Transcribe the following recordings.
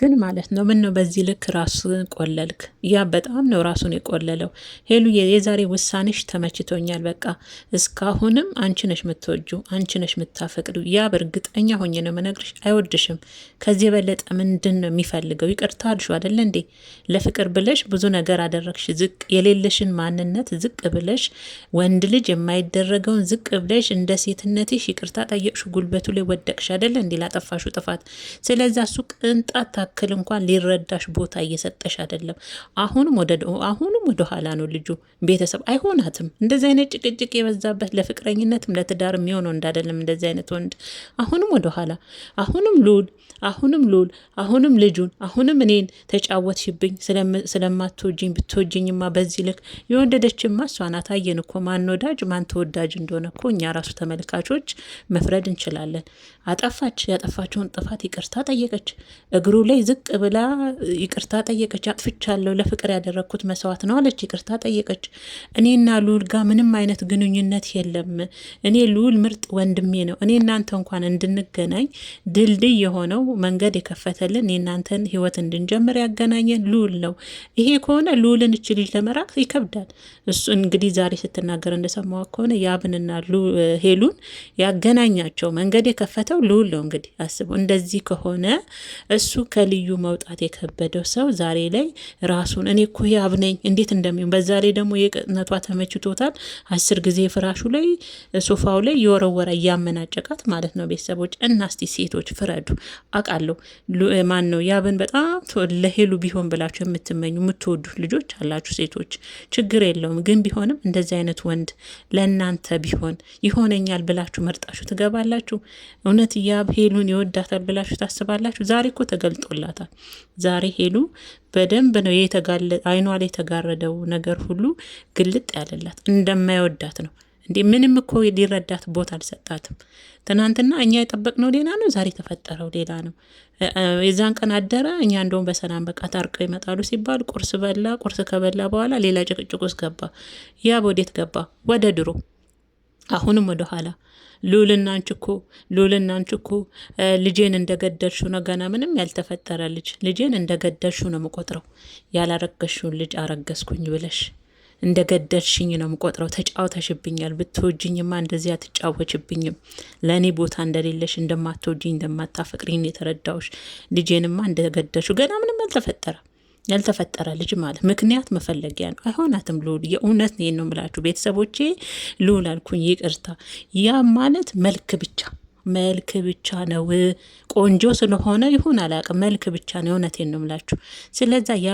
ግን ማለት ነው ምን ነው በዚህ ልክ ራሱን ቆለልክ? ያ በጣም ነው ራሱን የቆለለው። ሄሉ የዛሬ ውሳኔሽ ተመችቶኛል። በቃ እስካሁንም አንቺ ነሽ የምትወጁ፣ አንቺ ነሽ የምታፈቅዱ። ያ በእርግጠኛ ሆኜ ነው መነግርሽ፣ አይወድሽም። ከዚህ የበለጠ ምንድን ነው የሚፈልገው? ይቅርታ አልሹ አደለ እንዴ? ለፍቅር ብለሽ ብዙ ነገር አደረግሽ። ዝቅ የሌለሽን ማንነት ዝቅ ብለሽ፣ ወንድ ልጅ የማይደረገውን ዝቅ ብለሽ እንደ ሴትነትሽ ይቅርታ ጠየቅሹ፣ ጉልበቱ ላይ ወደቅሽ አደለ እንዴ? ላጠፋሹ ጥፋት። ስለዚ እሱ ቅንጣት ታክል እንኳን ሊረዳሽ ቦታ እየሰጠሽ አይደለም። አሁንም ወደ አሁን ወደኋላ ነው ልጁ። ቤተሰብ አይሆናትም። እንደዚህ አይነት ጭቅጭቅ የበዛበት ለፍቅረኝነትም ለትዳር የሚሆነው እንዳደለም እንደዚህ አይነት ወንድ አሁንም ወደኋላ፣ አሁንም ሉል፣ አሁንም ሉል፣ አሁንም ልጁን፣ አሁንም እኔን ተጫወትሽብኝ፣ ስለማትወጅኝ ብትወጅኝማ በዚህ ልክ የወደደችማ እሷ ናት። አየን እኮ ማን ወዳጅ ማን ተወዳጅ እንደሆነ እኮ እኛ ራሱ ተመልካቾች መፍረድ እንችላለን። አጠፋች፣ ያጠፋችውን ጥፋት ይቅርታ ጠየቀች። እግሩ ላይ ዝቅ ብላ ይቅርታ ጠየቀች። አጥፍቻለሁ፣ ለፍቅር ያደረግኩት መስዋዕት ነው ነው አለች። ይቅርታ ጠየቀች። እኔና ልዑል ጋር ምንም አይነት ግንኙነት የለም። እኔ ልዑል ምርጥ ወንድሜ ነው። እኔ እናንተ እንኳን እንድንገናኝ ድልድይ የሆነው መንገድ የከፈተልን የእናንተን ህይወት እንድንጀምር ያገናኘን ልዑል ነው። ይሄ ከሆነ ልዑልን እች ልጅ ለመራቅ ይከብዳል። እሱ እንግዲህ ዛሬ ስትናገር እንደሰማዋ ከሆነ ያብንና ሄሉን ያገናኛቸው መንገድ የከፈተው ልዑል ነው። እንግዲህ አስቡ። እንደዚህ ከሆነ እሱ ከልዩ መውጣት የከበደው ሰው ዛሬ ላይ ራሱን እኔ እኮ ያብ ነኝ እንዴት እንደሚሆን በዛ ላይ ደግሞ የቅነቷ ተመችቶታል። አስር ጊዜ ፍራሹ ላይ ሶፋው ላይ የወረወረ እያመናጨቃት ማለት ነው። ቤተሰቦች እና ሴቶች ፍረዱ። አውቃለሁ ማን ነው ያብን በጣም ለሄሉ ቢሆን ብላችሁ የምትመኙ የምትወዱ ልጆች አላችሁ ሴቶች፣ ችግር የለውም ግን ቢሆንም እንደዚህ አይነት ወንድ ለእናንተ ቢሆን ይሆነኛል ብላችሁ መርጣችሁ ትገባላችሁ። እውነት ያብ ሄሉን ይወዳታል ብላችሁ ታስባላችሁ? ዛሬ እኮ ተገልጦላታል። ዛሬ ሄሉ በደንብ ነው የተጋለ አይኗ ላይ የተጋረ የወረደው ነገር ሁሉ ግልጥ ያለላት እንደማይወዳት ነው። እንዴ ምንም እኮ ሊረዳት ቦታ አልሰጣትም። ትናንትና እኛ የጠበቅነው ሌላ ነው፣ ዛሬ የተፈጠረው ሌላ ነው። የዛን ቀን አደረ። እኛ እንደውም በሰላም በቃ ታርቀው ይመጣሉ ሲባል ቁርስ በላ። ቁርስ ከበላ በኋላ ሌላ ጭቅጭቅ ውስጥ ገባ። ያ ወዴት ገባ? ወደ ድሮ አሁንም ወደ ኋላ ልዑልና አንቺ እኮ ልዑልና አንቺ እኮ ልጄን እንደገደልሽው ነው። ገና ምንም ያልተፈጠረ ልጅ ልጄን እንደገደልሽው ነው የምቆጥረው። ያላረገሽውን ልጅ አረገዝኩኝ ብለሽ እንደገደልሽኝ ነው የምቆጥረው። ተጫውተሽብኛል። ብትወጅኝማ እንደዚህ አትጫወችብኝም። ለእኔ ቦታ እንደሌለሽ፣ እንደማትወጅኝ፣ እንደማታፈቅሪኝ የተረዳውሽ ልጄንማ እንደገደልሽው ገና ምንም አልተፈጠረም። ያልተፈጠረ ልጅ ማለት ምክንያት መፈለጊያ ነው። አይሆናትም ልዑል፣ የእውነት ነው የምላችሁ ቤተሰቦቼ። ልዑል አልኩኝ ይቅርታ። ያ ማለት መልክ ብቻ መልክ ብቻ ነው። ቆንጆ ስለሆነ ይሁን አላቅም፣ መልክ ብቻ ነው። እውነቴን ነው የምላችሁ። ስለዛ ያ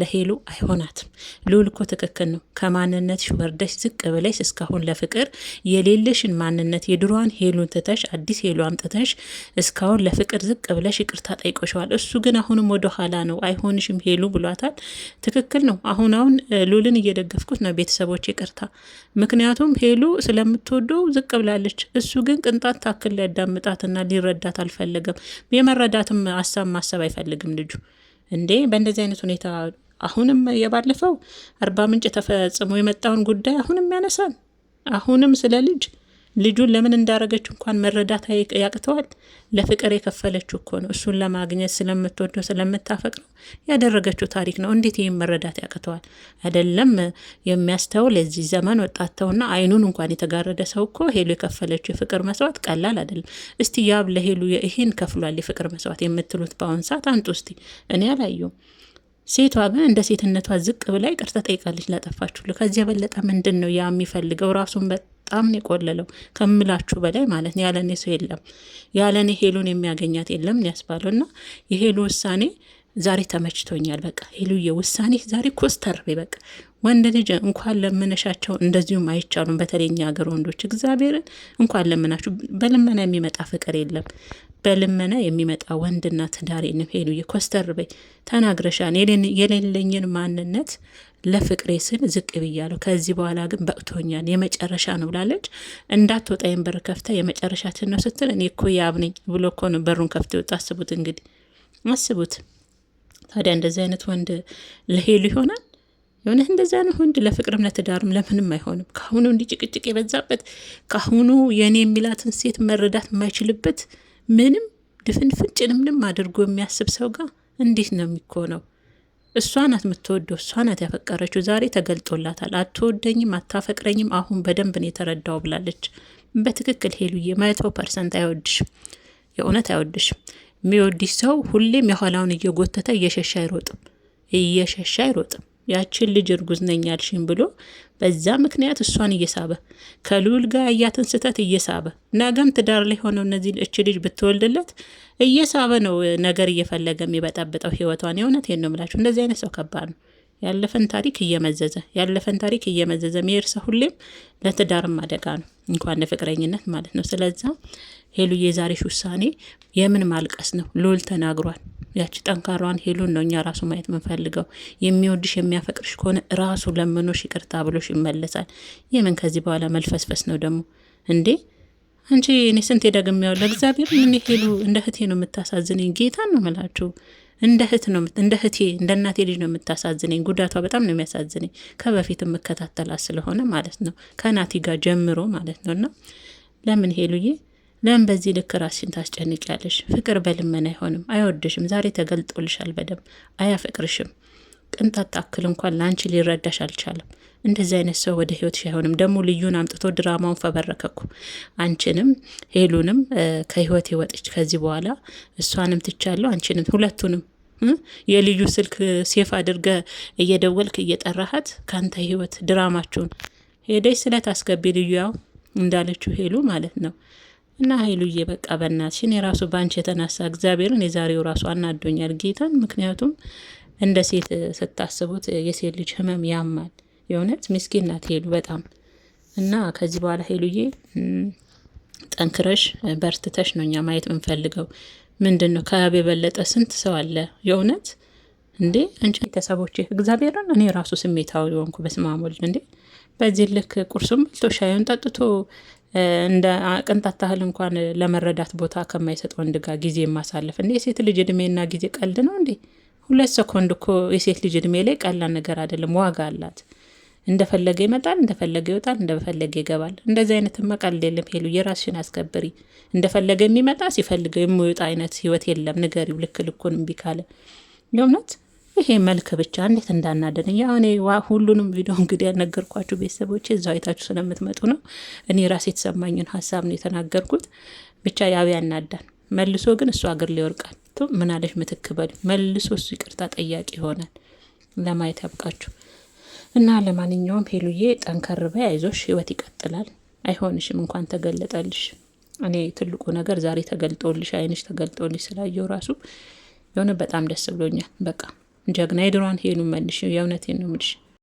ለሄሉ አይሆናትም። ልዑል እኮ ትክክል ነው። ከማንነትሽ ወርደሽ ዝቅ ብለሽ እስካሁን ለፍቅር የሌለሽን ማንነት የድሯን ሄሉን ትተሽ አዲስ ሄሉ አምጥተሽ እስካሁን ለፍቅር ዝቅ ብለሽ ይቅርታ ጠይቆሸዋል። እሱ ግን አሁንም ወደ ኋላ ነው። አይሆንሽም ሄሉ ብሏታል። ትክክል ነው። አሁን አሁን ሉልን እየደገፍኩት ነው ቤተሰቦች ይቅርታ። ምክንያቱም ሄሉ ስለምትወደው ዝቅ ብላለች። እሱ ግን ቅንጣት ታክል በትክክል ሊያዳምጣትና ሊረዳት አልፈለገም። የመረዳትም ሀሳብ ማሰብ አይፈልግም ልጁ እንዴ በእንደዚህ አይነት ሁኔታ አሁንም የባለፈው አርባ ምንጭ ተፈጽሞ የመጣውን ጉዳይ አሁንም ያነሳል። አሁንም ስለ ልጅ ልጁን ለምን እንዳረገች እንኳን መረዳት ያቅተዋል። ለፍቅር የከፈለችው እኮ ነው። እሱን ለማግኘት ስለምትወደው ስለምታፈቅረው ያደረገችው ታሪክ ነው። እንዴት ይህም መረዳት ያቅተዋል? አይደለም የሚያስተውል የዚህ ዘመን ወጣት ተውና፣ አይኑን እንኳን የተጋረደ ሰው እኮ ሄሉ የከፈለችው የፍቅር መስዋዕት ቀላል አይደለም። እስቲ ያብ ለሄሉ ይህን ከፍሏል የፍቅር መስዋዕት የምትሉት በአሁን ሰዓት አንጡ እስቲ። እኔ አላየሁም። ሴቷ ግን እንደ ሴትነቷ ዝቅ ብላ ይቅርታ ጠይቃለች ላጠፋችሁ። ከዚህ የበለጠ ምንድን ነው ያ የሚፈልገው? ራሱን በጣም ነው የቆለለው ከምላችሁ በላይ ማለት ነው። ያለኔ ሰው የለም ያለኔ ሄሉን የሚያገኛት የለም ያስባለው እና የሄሉ ውሳኔ ዛሬ ተመችቶኛል። በቃ ሄሉዬ ውሳኔ ዛሬ ኮስተር ቤ በቃ ወንድ ልጅ እንኳን ለምነሻቸው እንደዚሁም አይቻሉም። በተለይ እኛ ሀገር ወንዶች እግዚአብሔርን እንኳን ለምናችሁ በልመና የሚመጣ ፍቅር የለም። በልመና የሚመጣ ወንድና ትዳሬንም ሄሉዬ ኮስተር በይ ተናግረሻን የሌለኝን ማንነት ለፍቅሬ ስል ዝቅ ብያለሁ። ከዚህ በኋላ ግን በቅቶኛል፣ የመጨረሻ ነው ብላለች። እንዳትወጣ የንበር ከፍታ የመጨረሻችን ነው ስትል እኔ እኮ ያብ ነኝ ብሎ እኮ ነው በሩን ከፍት ወጣ። አስቡት እንግዲህ አስቡት። ታዲያ እንደዚህ አይነት ወንድ ለሄሉ ይሆናል? የሆነ እንደዚያ ነው ወንድ ለፍቅርም ለትዳርም ለምንም አይሆንም። ካሁኑ እንዲህ ጭቅጭቅ የበዛበት ካሁኑ የእኔ የሚላትን ሴት መረዳት የማይችልበት ምንም ድፍንፍን ጭንምንም አድርጎ የሚያስብ ሰው ጋር እንዴት ነው የሚኮነው? እሷ ናት የምትወደው፣ እሷ ናት ያፈቀረችው። ዛሬ ተገልጦላታል። አትወደኝም፣ አታፈቅረኝም፣ አሁን በደንብ ነው የተረዳው ብላለች። በትክክል ሄሉዬ፣ መቶ ፐርሰንት አይወድሽም፣ የእውነት አይወድሽም። የሚወድሽ ሰው ሁሌም የኋላውን እየጎተተ እየሸሻ አይሮጥም፣ እየሸሻ አይሮጥም። ያችን ልጅ እርጉዝ ነኝ ያልሽኝ ብሎ በዛ ምክንያት እሷን እየሳበ ከልዑል ጋር ያያትን ስህተት እየሳበ ነገም ትዳር ላይ ሆነው እነዚህ እች ልጅ ብትወልድለት እየሳበ ነው ነገር እየፈለገ የሚበጠብጠው ህይወቷን። የእውነት ነው የምላችሁ፣ እንደዚህ አይነት ሰው ከባድ ነው። ያለፈን ታሪክ እየመዘዘ ያለፈን ታሪክ እየመዘዘ መሄድ ሰው ሁሌም ለትዳርም አደጋ ነው፣ እንኳን ለፍቅረኝነት ማለት ነው። ስለዛ ሄሉ የዛሬሽ ውሳኔ የምን ማልቀስ ነው? ልዑል ተናግሯል። ያቺ ጠንካራዋን ሄሉን ነው እኛ ራሱ ማየት የምንፈልገው። የሚወድሽ የሚያፈቅርሽ ከሆነ ራሱ ለምኖሽ ይቅርታ ብሎሽ ይመለሳል። የምን ከዚህ በኋላ መልፈስፈስ ነው ደግሞ እንዴ? አንቺ እኔ ስንት ደግም ያው ለእግዚአብሔር ምን ሄሉ እንደ እህቴ ነው የምታሳዝነኝ። ጌታን ነው የምላችሁ እንደ እህት ነው እንደ እህቴ እንደ እናቴ ልጅ ነው የምታሳዝነኝ። ጉዳቷ በጣም ነው የሚያሳዝነኝ። ከበፊት የምከታተላት ስለሆነ ማለት ነው ከናቲ ጋር ጀምሮ ማለት ነው እና ለምን ሄሉዬ ለምን በዚህ ልክ ራስሽን ታስጨንቂያለሽ? ፍቅር በልመና አይሆንም፣ አይወድሽም። ዛሬ ተገልጦልሻል በደም አያፈቅርሽም። ቅንጣት ታክል እንኳን ለአንቺ ሊረዳሽ አልቻለም። እንደዚህ አይነት ሰው ወደ ህይወትሽ አይሆንም። ደግሞ ልዩን አምጥቶ ድራማውን ፈበረከኩ። አንቺንም ሄሉንም ከህይወት ይወጥች። ከዚህ በኋላ እሷንም ትቻለሁ፣ አንቺንም፣ ሁለቱንም የልዩ ስልክ ሴፍ አድርገ እየደወልክ እየጠራሃት ከአንተ ህይወት ድራማችሁን ሄደች ስለት አስገቢ ልዩ ያው እንዳለችው ሄሉ ማለት ነው እና ሀይሉዬ በቃ በእናትሽ እኔ ራሱ በአንቺ የተነሳ እግዚአብሔርን የዛሬው ራሱ አናዶኛል ጌታን። ምክንያቱም እንደ ሴት ስታስቡት የሴት ልጅ ህመም ያማል። የእውነት ምስኪን ናት ሄሉ በጣም እና ከዚህ በኋላ ሄሉዬ ጠንክረሽ በርትተሽ ነው እኛ ማየት የምንፈልገው። ምንድን ነው ከአብ የበለጠ ስንት ሰው አለ? የእውነት እንዴ አንቺ ቤተሰቦች እግዚአብሔርን እኔ ራሱ ስሜታዊ ሆንኩ። በስመ አብ ወልድ እንዴ በዚህ ልክ ቁርሱም በልቶ ሻዩን ጠጥቶ እንደ ቅንጣት ታህል እንኳን ለመረዳት ቦታ ከማይሰጥ ወንድ ጋር ጊዜ ማሳለፍ እንዴ! የሴት ልጅ እድሜና ጊዜ ቀልድ ነው እንዴ? ሁለት ሰኮንድ እኮ የሴት ልጅ እድሜ ላይ ቀላል ነገር አይደለም፣ ዋጋ አላት። እንደፈለገ ይመጣል፣ እንደፈለገ ይወጣል፣ እንደፈለገ ይገባል። እንደዚህ አይነት መቀልድ የለም። ሄሉ የራስሽን አስከብሪ። እንደፈለገ የሚመጣ ሲፈልገው የሚወጣ አይነት ህይወት የለም። ንገሪው ልክ ልኩን እምቢ ካለ የእውነት ይሄ መልክ ብቻ እንዴት እንዳናደን ያው እኔ ሁሉንም ቪዲዮ እንግዲህ ያልነገርኳችሁ ቤተሰቦች እዛ አይታችሁ ስለምትመጡ ነው። እኔ ራሴ የተሰማኝን ሀሳብ ነው የተናገርኩት። ብቻ ያው ያናዳል። መልሶ ግን እሱ አገር ሊወርቃል ቱ ምናለሽ ምትክ በል መልሶ እሱ ይቅርታ ጠያቂ ይሆናል። ለማየት ያብቃችሁ እና ለማንኛውም ሄሉዬ ጠንከር በይ፣ አይዞሽ፣ ህይወት ይቀጥላል። አይሆንሽም እንኳን ተገለጠልሽ። እኔ ትልቁ ነገር ዛሬ ተገልጦልሽ፣ አይንሽ ተገልጦልሽ ስላየው ራሱ የሆነ በጣም ደስ ብሎኛል። በቃ ጀግና የድሯን ሄሉ መልሽ። የእውነቴን ነው የምልሽ